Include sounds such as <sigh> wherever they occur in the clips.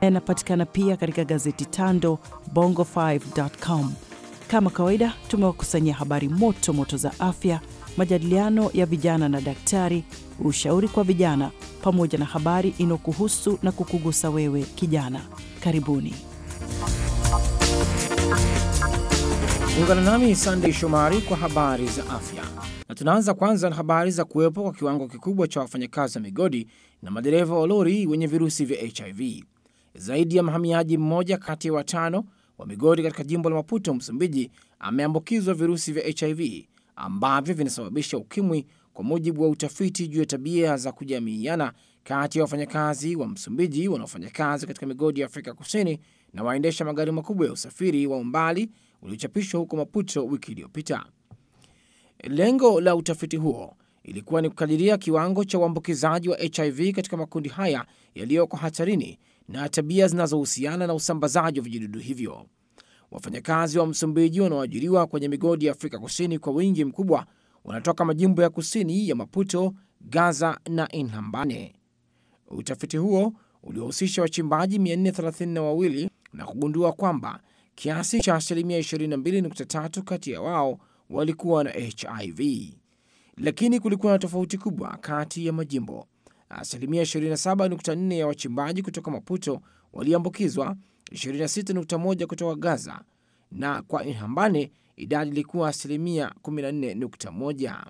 yanapatikana pia katika gazeti Tando Bongo5.com. Kama kawaida, tumewakusanyia habari moto moto za afya, majadiliano ya vijana na daktari, ushauri kwa vijana, pamoja na habari inayokuhusu na kukugusa wewe kijana. Karibuni. Ungana nami Sandey Shomari kwa habari za afya, na tunaanza kwanza na habari za kuwepo kwa kiwango kikubwa cha wafanyakazi wa migodi na madereva wa lori wenye virusi vya HIV. Zaidi ya mhamiaji mmoja kati ya watano wa migodi katika jimbo la Maputo, Msumbiji, ameambukizwa virusi vya HIV ambavyo vinasababisha ukimwi, kwa mujibu wa utafiti juu ya tabia za kujamiiana kati ya wafanyakazi wa Msumbiji wanaofanya kazi katika migodi ya Afrika Kusini na waendesha magari makubwa ya usafiri wa umbali uliochapishwa huko Maputo wiki iliyopita. Lengo la utafiti huo ilikuwa ni kukadiria kiwango cha uambukizaji wa HIV katika makundi haya yaliyoko hatarini na tabia zinazohusiana na usambazaji wa vijidudu hivyo. Wafanyakazi wa Msumbiji wanaoajiriwa kwenye migodi ya Afrika Kusini kwa wingi mkubwa wanatoka majimbo ya kusini ya Maputo, Gaza na Inhambane. Utafiti huo uliohusisha wachimbaji 432 na kugundua kwamba kiasi cha asilimia 22.3 kati ya wao walikuwa na HIV, lakini kulikuwa na tofauti kubwa kati ya majimbo asilimia 27.4 ya wachimbaji kutoka Maputo waliambukizwa, 26.1 kutoka Gaza, na kwa Inhambane idadi ilikuwa asilimia 14.1.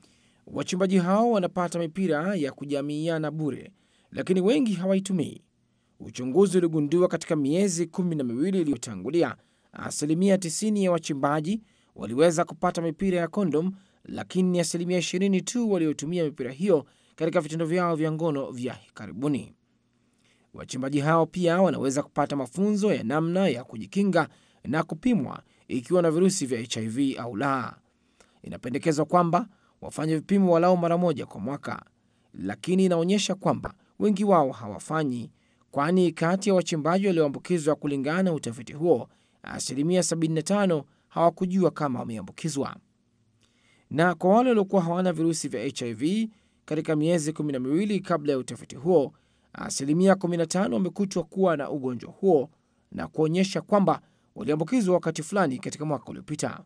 Wachimbaji hao wanapata mipira ya kujamiiana bure, lakini wengi hawaitumii. Uchunguzi uligundua katika miezi kumi na miwili iliyotangulia asilimia 90 ya wachimbaji waliweza kupata mipira ya kondom, lakini ni asilimia 20 tu waliotumia mipira hiyo katika vitendo vyao vya ngono vya karibuni. Wachimbaji hao pia wanaweza kupata mafunzo ya namna ya kujikinga na kupimwa ikiwa na virusi vya HIV au la. Inapendekezwa kwamba wafanye vipimo walau mara moja kwa mwaka, lakini inaonyesha kwamba wengi wao hawafanyi, kwani kati ya wachimbaji walioambukizwa, kulingana na utafiti huo, asilimia 75 hawakujua kama wameambukizwa. Na kwa wale waliokuwa hawana virusi vya HIV katika miezi kumi na miwili kabla ya utafiti huo, asilimia 15 wamekutwa kuwa na ugonjwa huo na kuonyesha kwamba waliambukizwa wakati fulani katika mwaka uliopita.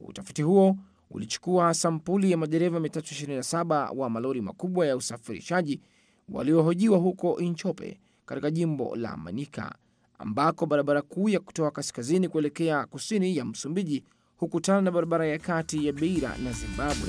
Utafiti huo ulichukua sampuli ya madereva 327 wa malori makubwa ya usafirishaji waliohojiwa huko Inchope katika jimbo la Manika ambako barabara kuu ya kutoka kaskazini kuelekea kusini ya Msumbiji hukutana na barabara ya kati ya Beira na Zimbabwe.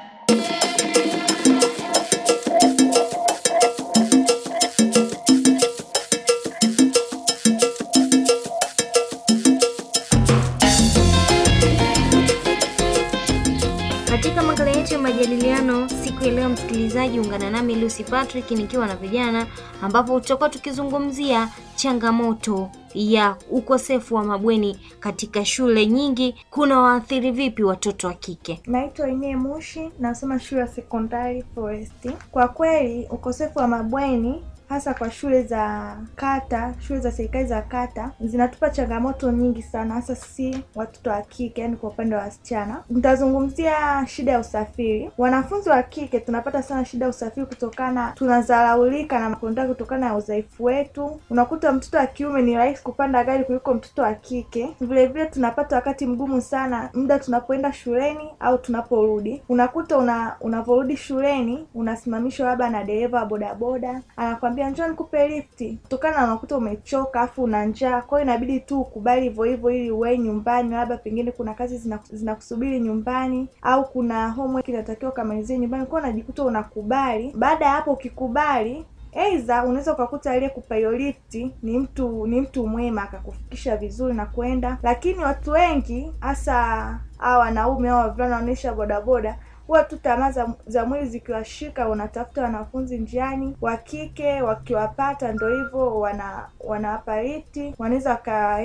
majadiliano siku ya leo, msikilizaji, ungana nami Lucy Patrick nikiwa na vijana, ambapo tutakuwa tukizungumzia changamoto ya ukosefu wa mabweni katika shule nyingi. Kuna waathiri vipi watoto wa kike? Naitwa Ine Mushi, nasoma shule ya sekondari Foresti. Kwa kweli ukosefu wa mabweni hasa kwa shule za kata, shule za serikali za kata zinatupa changamoto nyingi sana, hasa sisi watoto wa kike, yani kwa upande wa wasichana. Nitazungumzia shida ya usafiri. Wanafunzi wa kike tunapata sana shida ya usafiri, kutokana tunazalaulika na makonda kutokana na udhaifu wetu. Unakuta mtoto wa kiume ni rahisi kupanda gari kuliko mtoto wa kike. Vilevile tunapata wakati mgumu sana muda tunapoenda shuleni au tunaporudi. Unakuta una shuleni unasimamishwa labda na dereva wa bodaboda anakwambia nakwambia njoo nikupe lifti, kutokana na unakuta umechoka afu una njaa, kwa hiyo inabidi tu ukubali hivyo hivyo ili uwahi nyumbani, labda pengine kuna kazi zinakusubiri zina nyumbani au kuna homework inatakiwa ukamalizie nyumbani, kwao unajikuta unakubali. Baada ya hapo ukikubali eidha unaweza ukakuta aliyekupa hiyo lifti ni mtu ni mtu mwema akakufikisha vizuri na kwenda, lakini watu wengi hasa hawa wanaume au wavulana wanaisha bodaboda huwa tu tamaa za, za mwili zikiwashika, unatafuta wanafunzi njiani wa kike, wakiwapata ndo hivyo wana wanawapariti, wanaweza waka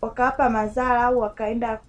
wakawapa madhara au wakaenda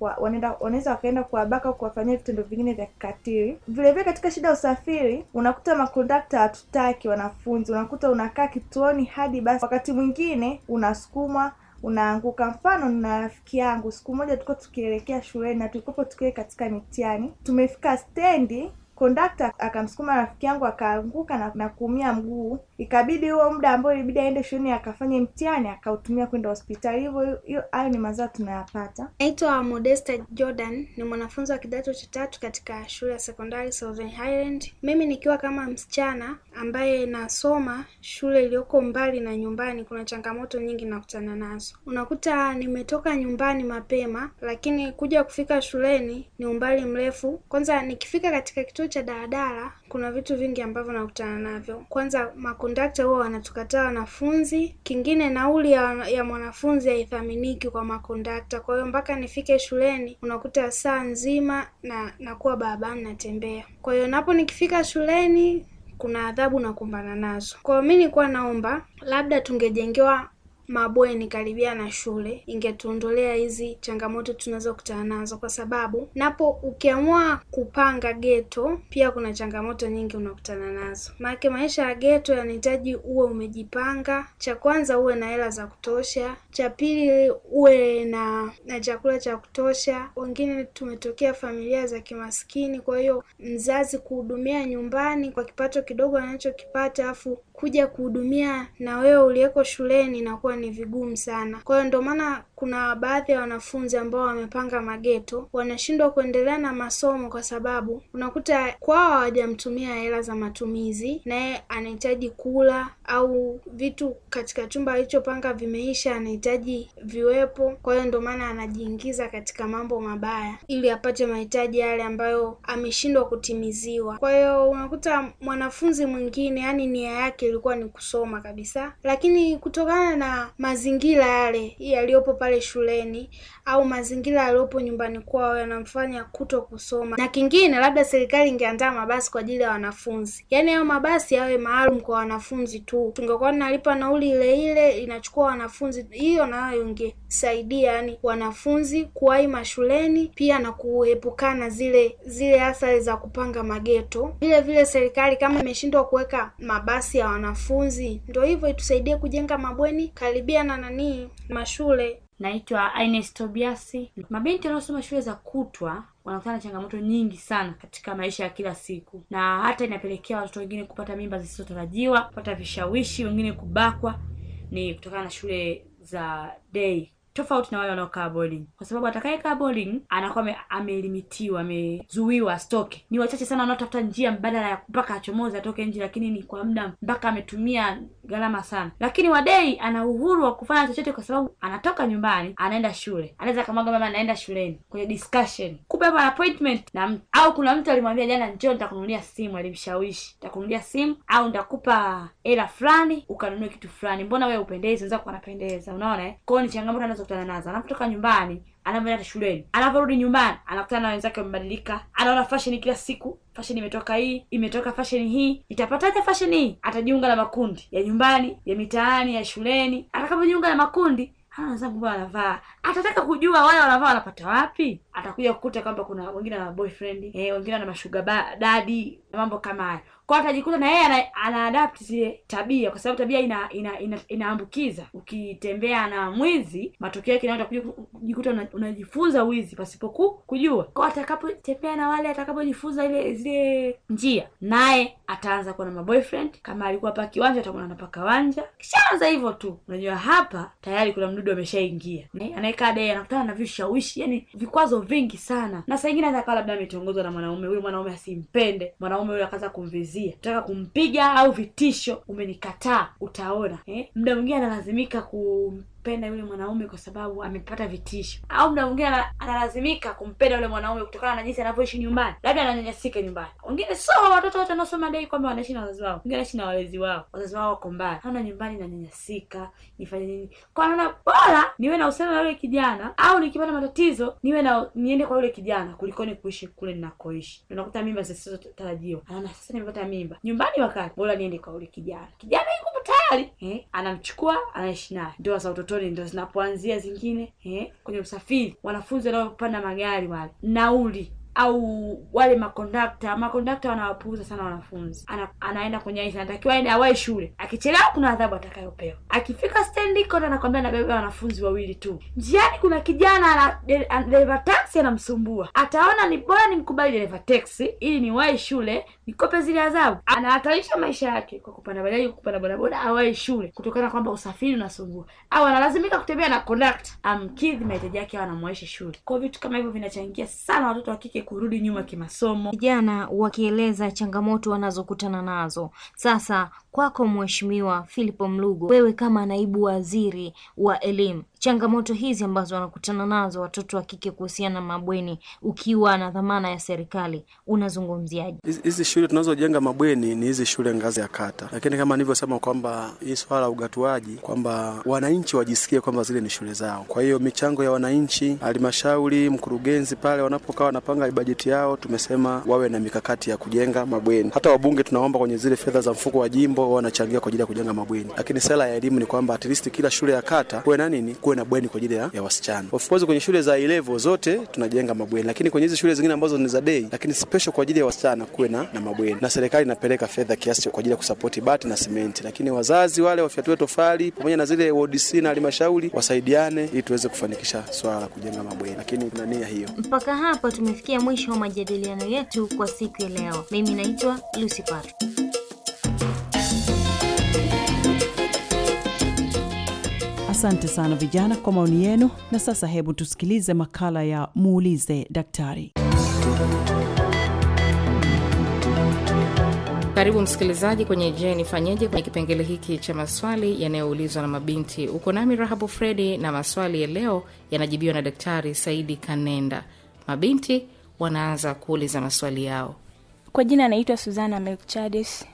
wanaweza wakaenda kuwabaka au kuwafanyia vitendo vingine vya kikatili. Vilevile katika shida ya usafiri, unakuta makondakta hatutaki wanafunzi, unakuta unakaa kituoni hadi basi, wakati mwingine unasukumwa unaanguka. Mfano, na rafiki yangu, siku moja tulikuwa tukielekea shuleni na tulikuwapo tukiwe katika mitiani tumefika stendi Kondakta akamsukuma rafiki yangu akaanguka na, na kuumia mguu. Ikabidi huo muda ambao ilibidi aende shuleni akafanye mtihani akautumia kwenda hospitali. Hivyo hiyo, hayo ni mazao tunayapata. Naitwa Modesta Jordan, ni mwanafunzi wa kidato cha tatu katika shule ya sekondari Southern Highland. Mimi nikiwa kama msichana ambaye nasoma shule iliyoko mbali na nyumbani, kuna changamoto nyingi nakutana nazo. Unakuta nimetoka nyumbani mapema, lakini kuja kufika shuleni ni umbali mrefu. Kwanza nikifika katika kituo cha daladala kuna vitu vingi ambavyo nakutana navyo. Kwanza, makondakta huwa wanatukataa wanafunzi. Kingine, nauli ya, ya mwanafunzi haithaminiki kwa makondakta. Kwa hiyo mpaka nifike shuleni unakuta saa nzima na nakuwa barabarani natembea. Kwa hiyo napo nikifika shuleni kuna adhabu nakumbana nazo. Kwa hiyo mi nilikuwa naomba labda tungejengewa Mabweni karibia na shule, ingetuondolea hizi changamoto tunazokutana nazo, kwa sababu napo ukiamua kupanga geto, pia kuna changamoto nyingi unakutana nazo, maanake maisha ya geto yanahitaji uwe umejipanga. Cha kwanza uwe na hela za kutosha, cha pili uwe na na chakula cha kutosha. Wengine tumetokea familia za kimaskini, kwa hiyo mzazi kuhudumia nyumbani kwa kipato kidogo anachokipata, afu kuja kuhudumia na wewe uliyeko shuleni inakuwa ni vigumu sana. Kwa hiyo ndio maana kuna baadhi ya wanafunzi ambao wamepanga mageto wanashindwa kuendelea na masomo, kwa sababu unakuta kwao hawajamtumia hela za matumizi, naye anahitaji kula au vitu katika chumba alichopanga vimeisha, anahitaji viwepo. Kwa hiyo ndio maana anajiingiza katika mambo mabaya ili apate mahitaji yale ambayo ameshindwa kutimiziwa. Kwa hiyo unakuta mwanafunzi mwingine, yani nia yake ilikuwa ni kusoma kabisa, lakini kutokana na mazingira yale yaliyopo pale shuleni au mazingira yaliyopo nyumbani kwao yanamfanya kuto kusoma. Na kingine, labda serikali ingeandaa mabasi kwa ajili ya wanafunzi, yaani hayo mabasi yawe maalum kwa wanafunzi tu, tungekuwa nalipa nauli ile ile, inachukua wanafunzi, hiyo nayo inge kusaidia yani wanafunzi kuwahi mashuleni pia na kuepukana zile zile athari za kupanga mageto. Vile vile serikali kama imeshindwa kuweka mabasi ya wanafunzi, ndio hivyo itusaidie kujenga mabweni karibia na nanii mashule. Naitwa Ines Tobiasi. Mabinti wanaosoma shule za kutwa wanakutana na changamoto nyingi sana katika maisha ya kila siku, na hata inapelekea watoto wengine kupata mimba zisizotarajiwa, kupata vishawishi, wengine kubakwa, ni kutokana na shule za day tofauti na wale wanaokaa boarding, kwa sababu atakayekaa boarding anakuwa amelimitiwa, amezuiwa stoke Ni wachache sana wanaotafuta njia mbadala ya mpaka achomoze atoke nje, lakini ni kwa muda mpaka ametumia gharama sana. Lakini wadei ana uhuru wa kufanya chochote, kwa sababu anatoka nyumbani anaenda shule, anaweza kamwaga mama anaenda shuleni kwenye discussion, kumbe hapa appointment na mtu au kuna mtu alimwambia jana, njoo nitakununulia simu, alimshawishi nitakununulia simu au nitakupa hela fulani ukanunue kitu fulani, mbona wewe upendezi, wenzako wanapendeza. Unaona eh, kwao ni changamoto anazokutana nazo, anapotoka nyumbani anavyoenda shuleni, anaporudi nyumbani anakutana na wenzake wamebadilika, anaona fashion kila siku, fashion imetoka hii, imetoka fashion hii, itapataje fashion hii? Atajiunga na makundi ya nyumbani, ya mitaani, ya shuleni. Atakapojiunga na makundi hawa wenzangu mbona wanavaa, atataka kujua wale wanavaa wanapata wapi. Atakuja kukuta kwamba kuna wengine wana boyfriend eh, wengine wana mashuga dadi na mambo kama hayo kwa atajikuta na yeye anaadapt zile tabia, kwa sababu tabia ina inaambukiza. Ina, ina ukitembea na mwizi, matokeo yake unatakuja kujikuta unajifunza wizi pasipoku kujua. Kwa atakapotembea na wale, atakapojifunza ile zile njia, naye ataanza kuwa na maboyfriend. Kama alikuwa paka kiwanja, atakuwa na paka wanja. Kishaanza hivyo tu, unajua hapa tayari kuna mdudu ameshaingia, anayekaa dai anakutana na vishawishi, yani vikwazo vingi sana, na saa ingine hata labda ametongozwa na mwanaume, huyo mwanaume asimpende mwanaume huyo akaanza kumvizia kumvizia, nataka kumpiga au vitisho, umenikataa utaona eh? Muda mwingine analazimika ku kumpenda yule mwanaume kwa sababu amepata vitisho, au mda mwingine analazimika kumpenda yule mwanaume kutokana na jinsi anavyoishi nyumbani, labda ananyanyasika nyumbani. Wengine so watoto wote wanaosoma dai kwamba wanaishi na wazazi wao, wengine wanaishi na walezi wao, wazazi wao wako mbali, naona nyumbani nanyanyasika, nifanye nini? Kwa naona bora niwe na uhusiano na yule kijana, au nikipata matatizo niwe na niende kwa yule kijana kulikoni kuishi kule ninakoishi. Unakuta mimba zisizotarajiwa, anaona sasa nimepata mimba nyumbani, wakati bora niende kwa yule kijana. Kijana yuko tayari eh, anamchukua anaishi naye. Ndoa za utotoni ndo zinapoanzia zingine eh, kwenye usafiri, wanafunzi wanaopanda magari wale, nauli au wale makondakta makondakta wanawapuuza sana wanafunzi. Ana, anaenda kwenye aisa, anatakiwa aende awai shule. Akichelewa kuna adhabu atakayopewa. Akifika stendi kota, anakwambia nabeba wanafunzi wawili tu. Njiani kuna kijana ana dereva taxi anamsumbua, ataona ni bora nimkubali dereva taxi ili niwahi shule nikope zile adhabu. Anahatarisha maisha yake kwa kupanda bajaji, kupanda bodaboda, awai shule kutokana kwamba usafiri unasumbua, au analazimika kutembea na kondakta amkidhi mahitaji yake, anamwaisha shule. Kwa vitu kama hivyo vinachangia sana watoto wa kike kurudi nyuma kimasomo, vijana wakieleza changamoto wanazokutana nazo. Sasa kwako, Mheshimiwa Philip Mlugo, wewe kama naibu waziri wa elimu, changamoto hizi ambazo wanakutana nazo watoto wa kike kuhusiana na mabweni, ukiwa na dhamana ya serikali unazungumziaje hizi shule tunazojenga mabweni? Ni hizi shule ngazi ya kata, lakini kama nilivyosema kwamba hii swala la ugatuaji, kwamba wananchi wajisikie kwamba zile ni shule zao. Kwa hiyo michango ya wananchi, halmashauri, mkurugenzi pale wanapokaa wanapanga bajeti yao, tumesema wawe na mikakati ya kujenga mabweni. Hata wabunge tunaomba kwenye zile fedha za mfuko wa jimbo wanachangia kwa ajili ya kujenga mabweni, lakini sera ya elimu ni kwamba at least kila shule ya kata kuwe na nini kuwe na bweni kwa ajili ya, ya wasichana. Of course kwenye shule za ilevo zote tunajenga mabweni, lakini kwenye hizi shule zingine ambazo ni za dei, lakini special kwa ajili ya wasichana kuwe na, na mabweni, na serikali inapeleka fedha kiasi kwa ajili ya kusapoti bati na simenti, lakini wazazi wale wafyatue tofali pamoja na zile WDC na halmashauri wasaidiane ili tuweze kufanikisha swala la kujenga mabweni, lakini tuna nia hiyo. Mpaka hapa tumefikia mwisho wa majadiliano yetu kwa siku ya leo. Mimi naitwa Lucy Patrick. Asante sana vijana kwa maoni yenu. Na sasa hebu tusikilize makala ya muulize daktari. Karibu msikilizaji kwenye Je, nifanyeje, kwenye kipengele hiki cha maswali yanayoulizwa na mabinti. Uko nami Rahabu Fredi, na maswali ya leo yanajibiwa na Daktari Saidi Kanenda. Mabinti wanaanza kuuliza maswali yao. Kwa jina anaitwa Suzana Melchades.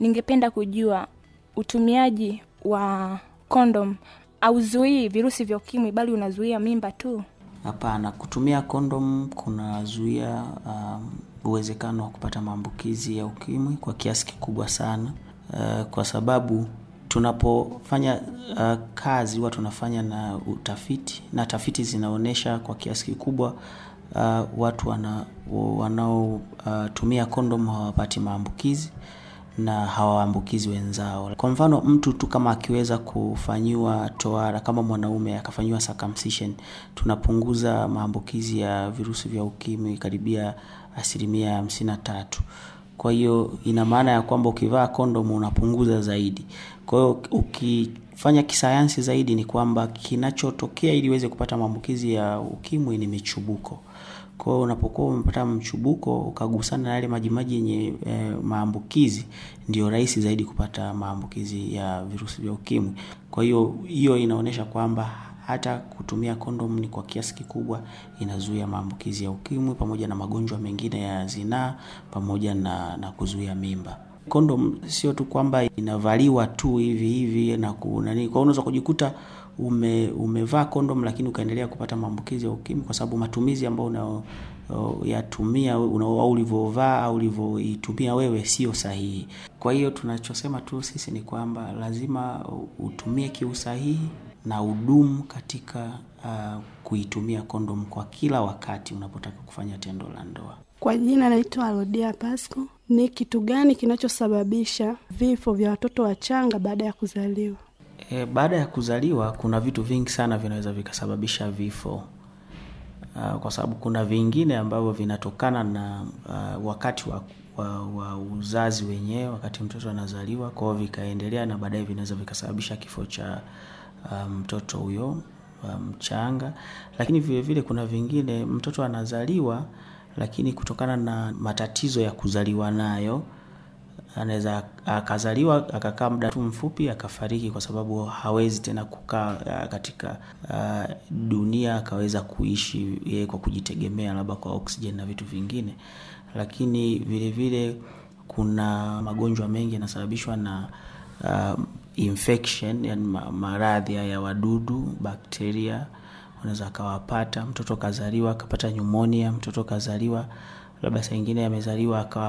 Ningependa kujua utumiaji wa kondom hauzuii virusi vya ukimwi, bali unazuia mimba tu? Hapana, kutumia kondom kunazuia um, uwezekano wa kupata maambukizi ya ukimwi kwa kiasi kikubwa sana, uh, kwa sababu tunapofanya uh, kazi huwa tunafanya na utafiti na tafiti zinaonyesha kwa kiasi kikubwa uh, watu wanaotumia wana, uh, kondom hawapati maambukizi na hawaambukizi wenzao. Kwa mfano mtu tu kama akiweza kufanyiwa toara kama mwanaume akafanyiwa circumcision, tunapunguza maambukizi ya virusi vya ukimwi karibia asilimia hamsini na tatu. Kwa hiyo ina maana ya kwamba ukivaa kondomu unapunguza zaidi. Kwa hiyo ukifanya kisayansi zaidi, ni kwamba kinachotokea ili uweze kupata maambukizi ya ukimwi ni michubuko. Kwa hiyo unapokuwa umepata mchubuko ukagusana na yale majimaji yenye e, maambukizi, ndio rahisi zaidi kupata maambukizi ya virusi vya ukimwi. Kwa hiyo hiyo inaonyesha kwamba hata kutumia kondomu ni kwa kiasi kikubwa inazuia maambukizi ya ukimwi pamoja na magonjwa mengine ya zinaa pamoja na, na kuzuia mimba. Kondomu sio tu kwamba inavaliwa tu hivi hivi na kunani, kwa unaweza kujikuta ume, umevaa kondom lakini ukaendelea kupata maambukizi ya ukimwi kwa sababu matumizi ambayo unao au ulivyovaa au ulivyoitumia wewe sio sahihi. Kwa hiyo tunachosema tu sisi ni kwamba lazima utumie kiusahihi na udumu katika uh, kuitumia kondom kwa kila wakati unapotaka kufanya tendo la ndoa. Kwa jina naitwa Rodia Pasco. Ni kitu gani kinachosababisha vifo vya watoto wachanga baada ya kuzaliwa? E, baada ya kuzaliwa kuna vitu vingi sana vinaweza vikasababisha vifo. Uh, kwa sababu kuna vingine ambavyo vinatokana na uh, wakati wa, wa, wa uzazi wenyewe wakati mtoto anazaliwa, kwao vikaendelea na baadaye vinaweza vikasababisha kifo cha ah, mtoto huyo mchanga lakini vilevile vile kuna vingine mtoto anazaliwa, lakini kutokana na matatizo ya kuzaliwa nayo anaweza akazaliwa akakaa muda tu mfupi akafariki, kwa sababu hawezi tena kukaa eh, katika uh, dunia akaweza kuishi yeye kwa kujitegemea, labda kwa oksijeni na vitu vingine. Lakini vilevile vile kuna magonjwa mengi yanasababishwa na uh, infection, yani maradhi ya wadudu, bakteria unaweza akawapata. Mtoto kazaliwa akapata nyumonia, mtoto kazaliwa labda saa ingine amezaliwa akawa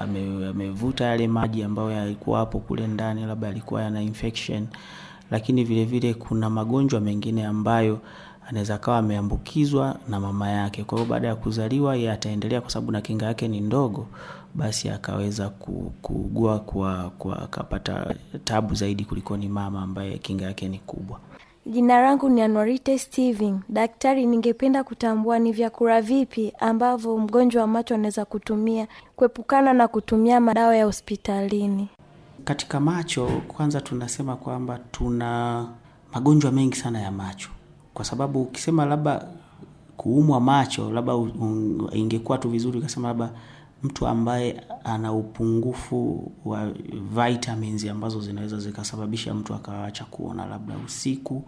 amevuta ame, ame yale maji ambayo yalikuwa hapo kule ndani, labda alikuwa yana infection. Lakini vilevile vile kuna magonjwa mengine ambayo anaweza akawa ameambukizwa na mama yake. Kwa hiyo baada ya kuzaliwa yeye ataendelea, kwa sababu na kinga yake ni ndogo, basi akaweza kuugua kwa, kwa akapata tabu zaidi kuliko ni mama ambaye kinga yake ni kubwa. Jina langu ni anwarite Steven. Daktari, ningependa kutambua ni vyakula vipi ambavyo mgonjwa wa macho anaweza kutumia kuepukana na kutumia madawa ya hospitalini? Katika macho, kwanza tunasema kwamba tuna magonjwa mengi sana ya macho, kwa sababu ukisema labda kuumwa macho, labda ingekuwa tu vizuri ukasema labda mtu ambaye ana upungufu wa vitamins ambazo zinaweza zikasababisha mtu akawacha kuona labda usiku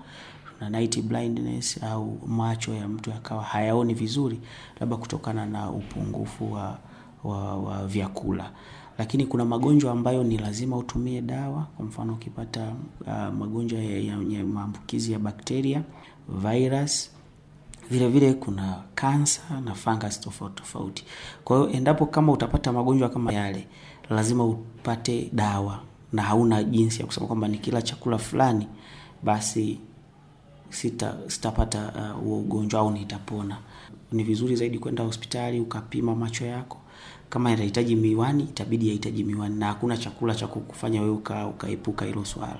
na night blindness au macho ya mtu akawa hayaoni vizuri, labda kutokana na upungufu wa, wa, wa vyakula. Lakini kuna magonjwa ambayo ni lazima utumie dawa. Kwa mfano ukipata uh, magonjwa ya, ya, ya maambukizi ya bakteria, virus Vilevile kuna kansa na fungus tofauti tofauti. Kwa hiyo endapo kama utapata magonjwa kama yale, lazima upate dawa na hauna jinsi ya kusema kwamba ni kila chakula fulani basi sita, sitapata uh, huo uh, ugonjwa au nitapona. Ni vizuri zaidi kwenda hospitali ukapima macho yako. Kama inahitaji miwani, itabidi yahitaji miwani, na hakuna chakula cha kukufanya wewe uka, ukaepuka hilo swala.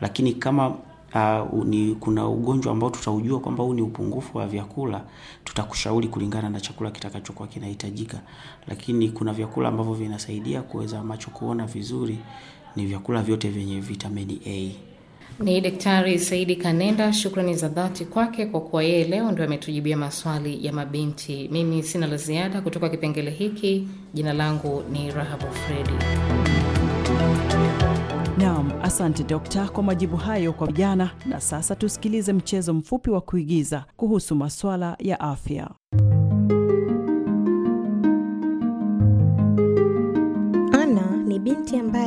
Lakini kama uh, ni kuna ugonjwa ambao tutaujua kwamba huu ni upungufu wa vyakula, tutakushauri kulingana na chakula kitakachokuwa kinahitajika. Lakini kuna vyakula ambavyo vinasaidia kuweza macho kuona vizuri, ni vyakula vyote vyenye vitamini A. Ni Daktari Saidi Kanenda, shukrani za dhati kwake kwa kuwa yeye leo ndio ametujibia maswali ya mabinti. Mimi sina la ziada kutoka kipengele hiki. Jina langu ni Rahabu Fredi. Naam, Asante dokta kwa majibu hayo kwa vijana. Na sasa tusikilize mchezo mfupi wa kuigiza kuhusu masuala ya afya.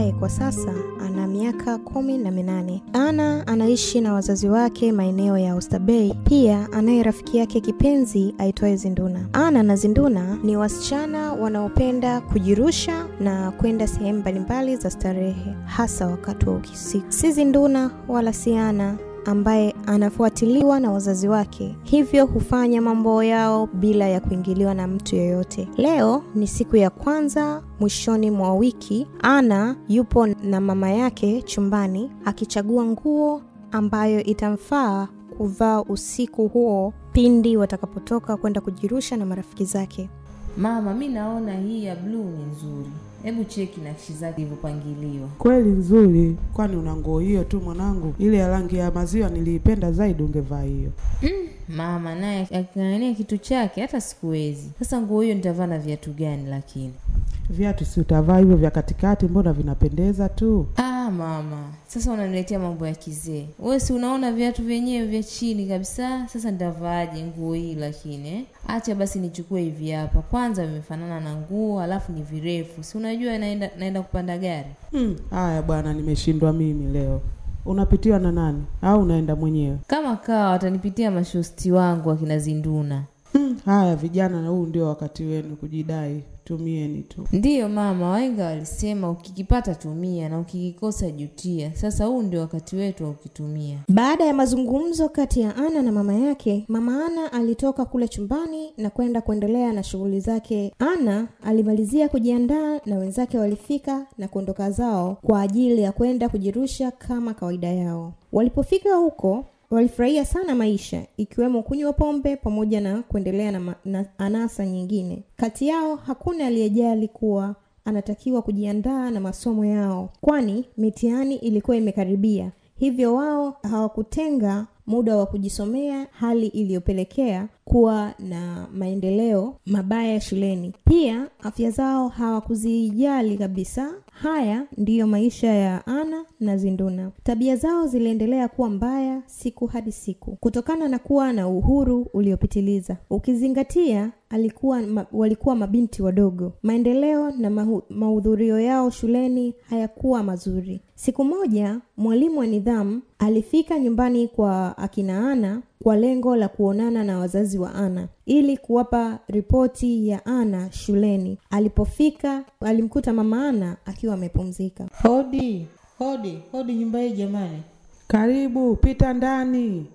ambaye kwa sasa ana miaka kumi na minane. Ana anaishi na wazazi wake maeneo ya Oysterbay, pia anaye rafiki yake kipenzi aitwaye Zinduna. Ana na Zinduna ni wasichana wanaopenda kujirusha na kwenda sehemu mbalimbali za starehe, hasa wakati wa ukisiku Si Zinduna wala si Ana ambaye anafuatiliwa na wazazi wake, hivyo hufanya mambo yao bila ya kuingiliwa na mtu yoyote Leo ni siku ya kwanza mwishoni mwa wiki. Ana yupo na mama yake chumbani akichagua nguo ambayo itamfaa kuvaa usiku huo pindi watakapotoka kwenda kujirusha na marafiki zake. Mama, mi naona hii ya bluu ni nzuri. Hebu cheki nakshi zake zilivyopangiliwa, kweli nzuri. Kwani una nguo hiyo tu mwanangu? Ile ya rangi ya maziwa niliipenda zaidi, ungevaa hiyo. Mm, mama naye aking'ang'ania kitu chake hata sikuwezi. Sasa nguo hiyo nitavaa na viatu gani lakini? viatu si utavaa hivyo vya katikati, mbona vinapendeza tu. Ah, mama, sasa unaniletea mambo ya kizee. Wewe si unaona viatu vyenyewe vya chini kabisa. Sasa nitavaaje nguo hii? Lakini eh? acha basi nichukue hivi hapa, kwanza vimefanana na nguo, alafu ni virefu, si unajua naenda, naenda kupanda gari. Hmm, haya hmm, bwana, nimeshindwa mimi leo. Unapitiwa na nani au unaenda mwenyewe? Kama kawa watanipitia mashosti wangu akina Zinduna. Hmm, haya, vijana, na huu ndio wakati wenu kujidai tumieni tu. Ndiyo mama, wahenga walisema ukikipata tumia na ukikikosa jutia. Sasa huu ndio wakati wetu wa ukitumia. Baada ya mazungumzo kati ya Ana na mama yake, mama Ana alitoka kule chumbani na kwenda kuendelea na shughuli zake. Ana alimalizia kujiandaa na wenzake walifika na kuondoka zao kwa ajili ya kwenda kujirusha kama kawaida yao. Walipofika huko walifurahia sana maisha ikiwemo kunywa pombe pamoja na kuendelea na, ma, na anasa nyingine. Kati yao hakuna aliyejali kuwa anatakiwa kujiandaa na masomo yao, kwani mitihani ilikuwa imekaribia. Hivyo wao hawakutenga muda wa kujisomea, hali iliyopelekea kuwa na maendeleo mabaya shuleni. Pia afya zao hawakuzijali kabisa, Haya ndiyo maisha ya Ana na Zinduna. Tabia zao ziliendelea kuwa mbaya siku hadi siku kutokana na kuwa na uhuru uliopitiliza. Ukizingatia alikuwa ma, walikuwa mabinti wadogo. Maendeleo na mahu, mahudhurio yao shuleni hayakuwa mazuri. Siku moja mwalimu wa nidhamu alifika nyumbani kwa akina Ana kwa lengo la kuonana na wazazi wa Ana ili kuwapa ripoti ya Ana shuleni. Alipofika alimkuta mama Ana akiwa amepumzika. Hodi, hodi, hodi nyumba hii jamani. Karibu, pita ndani.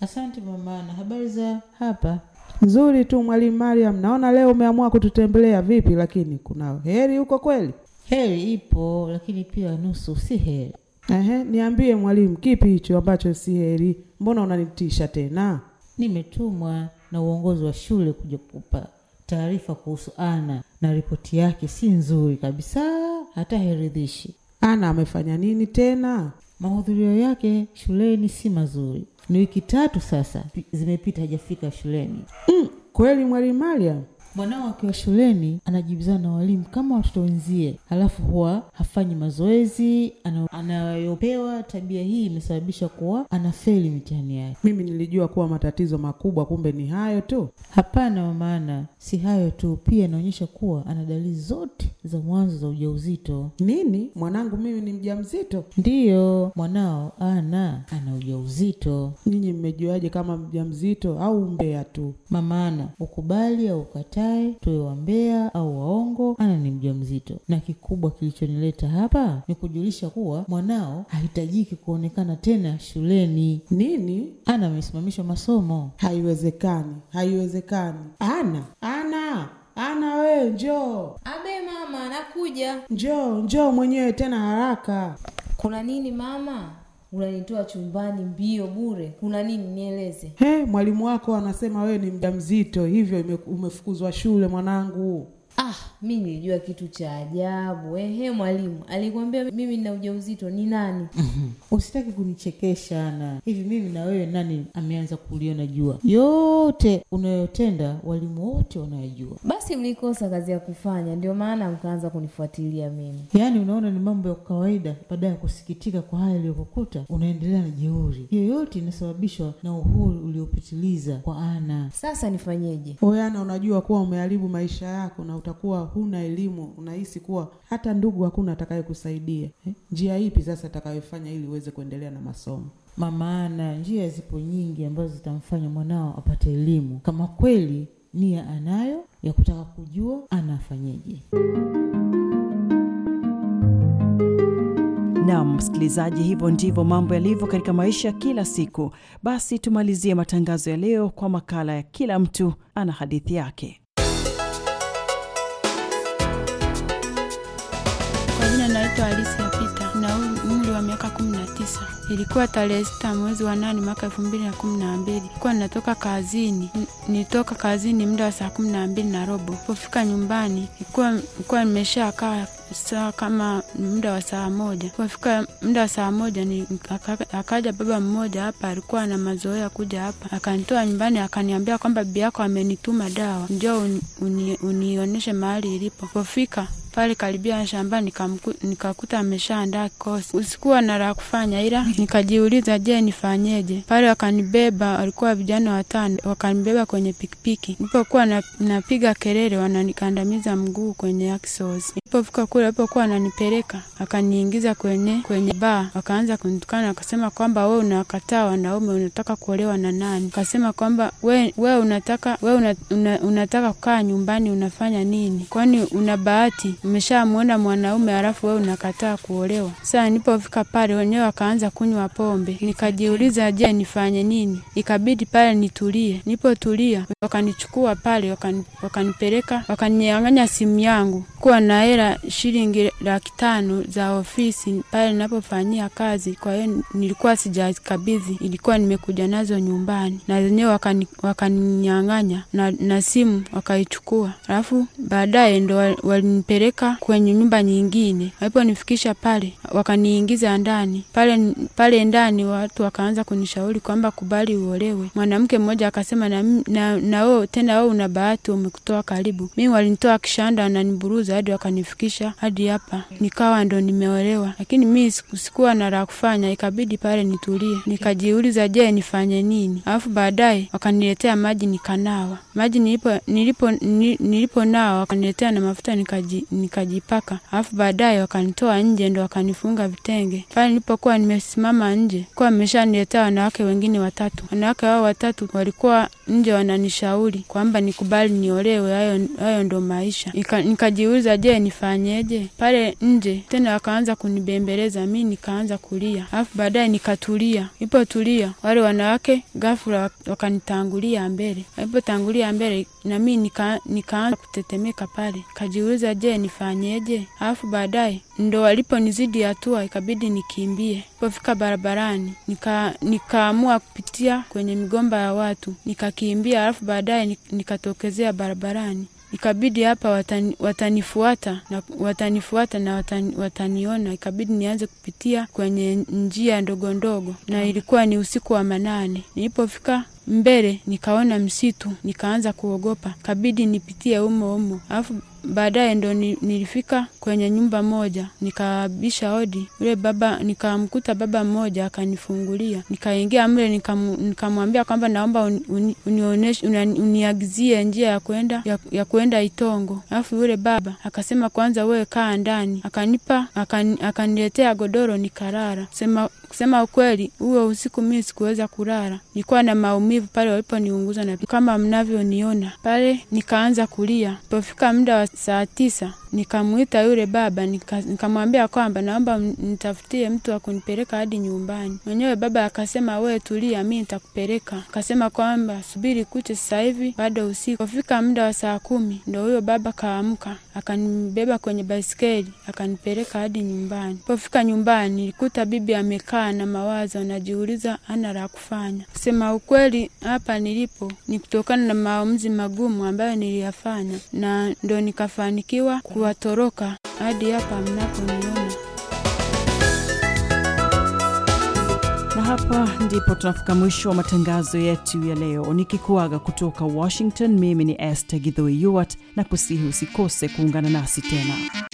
Asante mama Ana, habari za hapa? Nzuri tu mwalimu Mariam, naona leo umeamua kututembelea. Vipi lakini, kuna heri huko kweli? Heri ipo lakini pia nusu si heri. Ehe, niambie mwalimu, kipi hicho ambacho si heri? Mbona unanitisha tena? Nimetumwa na uongozi wa shule kuja kupa taarifa kuhusu Ana na ripoti yake si nzuri kabisa, hata hairidhishi. Ana amefanya nini tena? Mahudhurio yake shuleni si mazuri. Ni wiki tatu sasa zimepita hajafika shuleni. Mm, kweli mwalimu Mariam mwanao akiwa shuleni anajibizana na walimu kama watoto wenzie, halafu huwa hafanyi mazoezi anayopewa. Tabia hii imesababisha kuwa feli mitihani yake. Mimi nilijua kuwa matatizo makubwa, kumbe ni hayo tu. Hapana, maana si hayo tu, pia inaonyesha kuwa ana dalili zote za mwanzo za ujauzito. Nini? Mwanangu mimi ni mjamzito? Ndiyo, mwanao ana ana ujauzito. Nyinyi mmejuaje kama mjamzito au mbea tu? Mamaana ukubali au ukata baadaye tuwe wambea au waongo, Ana ni mjamzito. Na kikubwa kilichonileta hapa ni kujulisha kuwa mwanao hahitajiki kuonekana tena shuleni. Nini? Ana amesimamishwa masomo. Haiwezekani, haiwezekani! Ana, Ana, Ana wee njoo! Abe mama, nakuja. Njoo, njoo mwenyewe tena haraka. Kuna nini mama? unanitoa chumbani mbio bure, kuna nini? Nieleze. He, mwalimu wako anasema wewe ni mjamzito, hivyo umefukuzwa shule mwanangu. Ah, mi nilijua kitu cha ajabu. Ehe, mwalimu alikwambia mimi nina ujauzito? Ni nani? <laughs> Usitaki kunichekesha na hivi, mimi na wewe, nani ameanza kuliona jua? Yote unayotenda walimu wote wanayojua Basi mlikosa kazi ya kufanya, ndio maana mkaanza kunifuatilia mimi. Yaani unaona ni mambo ya kawaida. Baada ya kusikitika kwa haya yaliyokukuta, unaendelea na jeuri. yoyote inasababishwa na uhuru uliopitiliza kwa Ana. Sasa nifanyeje? Wewe Ana, unajua kuwa umeharibu maisha yako na utakuwa huna elimu, unahisi kuwa hata ndugu hakuna atakayekusaidia eh? Njia ipi sasa atakayofanya ili uweze kuendelea na masomo? Mamaana njia zipo nyingi ambazo zitamfanya mwanao apate elimu, kama kweli nia anayo ya kutaka kujua anafanyeje. Na msikilizaji, hivyo ndivyo mambo yalivyo katika maisha kila siku. Basi tumalizie matangazo ya leo kwa makala ya kila mtu ana hadithi yake. mtoto halisi ya Pita na umri wa miaka 19. Ilikuwa tarehe sita mwezi wa nane mwaka 2012. Nilikuwa natoka kazini, nitoka kazini muda wa saa 12 na robo. pofika nyumbani nilikuwa nimesha kaa saa kama muda wa saa moja. Pofika muda wa saa moja ni akaja baba mmoja hapa, alikuwa na mazoea kuja hapa, akanitoa nyumbani, akaniambia kwamba bibi yako amenituma dawa, njoo unionyeshe mahali ilipo. Pofika pale karibia shambani nikakuta ameshaandaa kikosi. Usikuwa na la kufanya, ila <laughs> nikajiuliza, je, nifanyeje? Pale wakanibeba, walikuwa vijana watano, wakanibeba kwenye pikipiki. Nilipokuwa na, napiga kelele, wananikandamiza mguu kwenye axles. Nilipofika kule walipokuwa wananipeleka, akaniingiza kwenye kwenye baa, wakaanza kunitukana, wakasema kwamba we unakataa wanaume, unataka kuolewa na nani? Akasema kwamba we, we unataka we una, una, unataka kukaa nyumbani, unafanya nini? kwani una bahati umeshamwona mwanaume halafu wewe unakataa kuolewa. Sasa nilipofika pale, wenyewe wakaanza kunywa pombe, nikajiuliza, je, nifanye nini? Ikabidi pale nitulie. Nilipotulia wakanichukua pale, wakani, wakanipeleka wakaninyang'anya simu yangu, kuwa na hela shilingi laki tano za ofisi pale ninapofanyia kazi. Kwa hiyo nilikuwa sijakabidhi, ilikuwa nimekuja nazo nyumbani, na wenyewe wakaninyang'anya na, na simu wakaichukua, alafu baadaye ndo walinipeleka wakanipeleka kwenye nyumba nyingine. Waliponifikisha pale, wakaniingiza ndani pale pale ndani, watu wakaanza kunishauri kwamba kubali uolewe. Mwanamke mmoja akasema, na, na, na o, tena wewe una bahati, umekutoa karibu. Mimi walinitoa kishanda na niburuza hadi wakanifikisha hadi hapa, nikawa ndo nimeolewa, lakini mi sikuwa na la kufanya, ikabidi pale nitulie. Nikajiuliza, je, nifanye nini? Alafu baadaye wakaniletea maji nikanawa. Maji nilipo nilipo nilipo nawa wakaniletea na mafuta nikaji nikajipaka, alafu baadaye wakanitoa nje ndo wakanifunga vitenge. Pale nilipokuwa nimesimama nje, kuwa ameshaniletea wanawake wengine watatu. Wanawake hao watatu walikuwa nje wananishauri kwamba nikubali niolewe, hayo hayo ndo maisha. Nikajiuliza, je, nifanyeje? Pale nje tena wakaanza kunibembeleza, mi nikaanza kulia, alafu baadaye nikatulia. Ipotulia wale wanawake ghafula wakanitangulia mbele, walipotangulia mbele na mi nikaanza nika kutetemeka pale, kajiuliza je nifanyeje? Alafu baadaye ndo waliponizidi hatua, ikabidi nikimbie. ipofika barabarani, nika nikaamua kupitia kwenye migomba ya watu, nikakimbia. Alafu baadaye nikatokezea barabarani ikabidi hapa watani, watanifuata na watanifuata na watani, wataniona. Ikabidi nianze kupitia kwenye njia ndogo ndogo, na ilikuwa ni usiku wa manane. Nilipofika mbele nikaona msitu, nikaanza kuogopa, kabidi nipitie umo umo, alafu Baadaye ndo nilifika kwenye nyumba moja, nikaabisha hodi. Yule baba nikamkuta baba mmoja akanifungulia, nikaingia mle, nikamwambia nika kwamba naomba uni, uniagizie njia ya kwenda ya, ya kwenda Itongo. Alafu yule baba akasema kwanza wewe kaa ndani, akanipa akaniletea godoro nikarara. Sema kusema ukweli, huo usiku mii sikuweza kulala, nilikuwa na maumivu pale waliponiunguza, na kama mnavyoniona pale, nikaanza kulia. Pofika muda wa saa tisa Nikamwita yule baba nikamwambia nika kwamba naomba nitafutie mtu wa kunipeleka hadi nyumbani. Mwenyewe baba akasema, we tulia, mi nitakupeleka. Akasema kwamba subiri kuche sasa hivi bado usiku. Kufika muda wa saa kumi ndo huyo baba kaamka, akanibeba kwenye baisikeli akanipeleka hadi nyumbani. Pofika nyumbani nilikuta bibi amekaa na mawazo, anajiuliza ana la kufanya. Kusema ukweli, hapa nilipo ni kutokana na maamuzi magumu ambayo niliyafanya na ndo nikafanikiwa kuwa watoroka hadi hapa mnaponiona. Na hapa ndipo tunafika mwisho wa matangazo yetu ya leo, nikikuaga kutoka Washington. Mimi ni Esther Githoi Yuat na kusihi usikose kuungana nasi tena.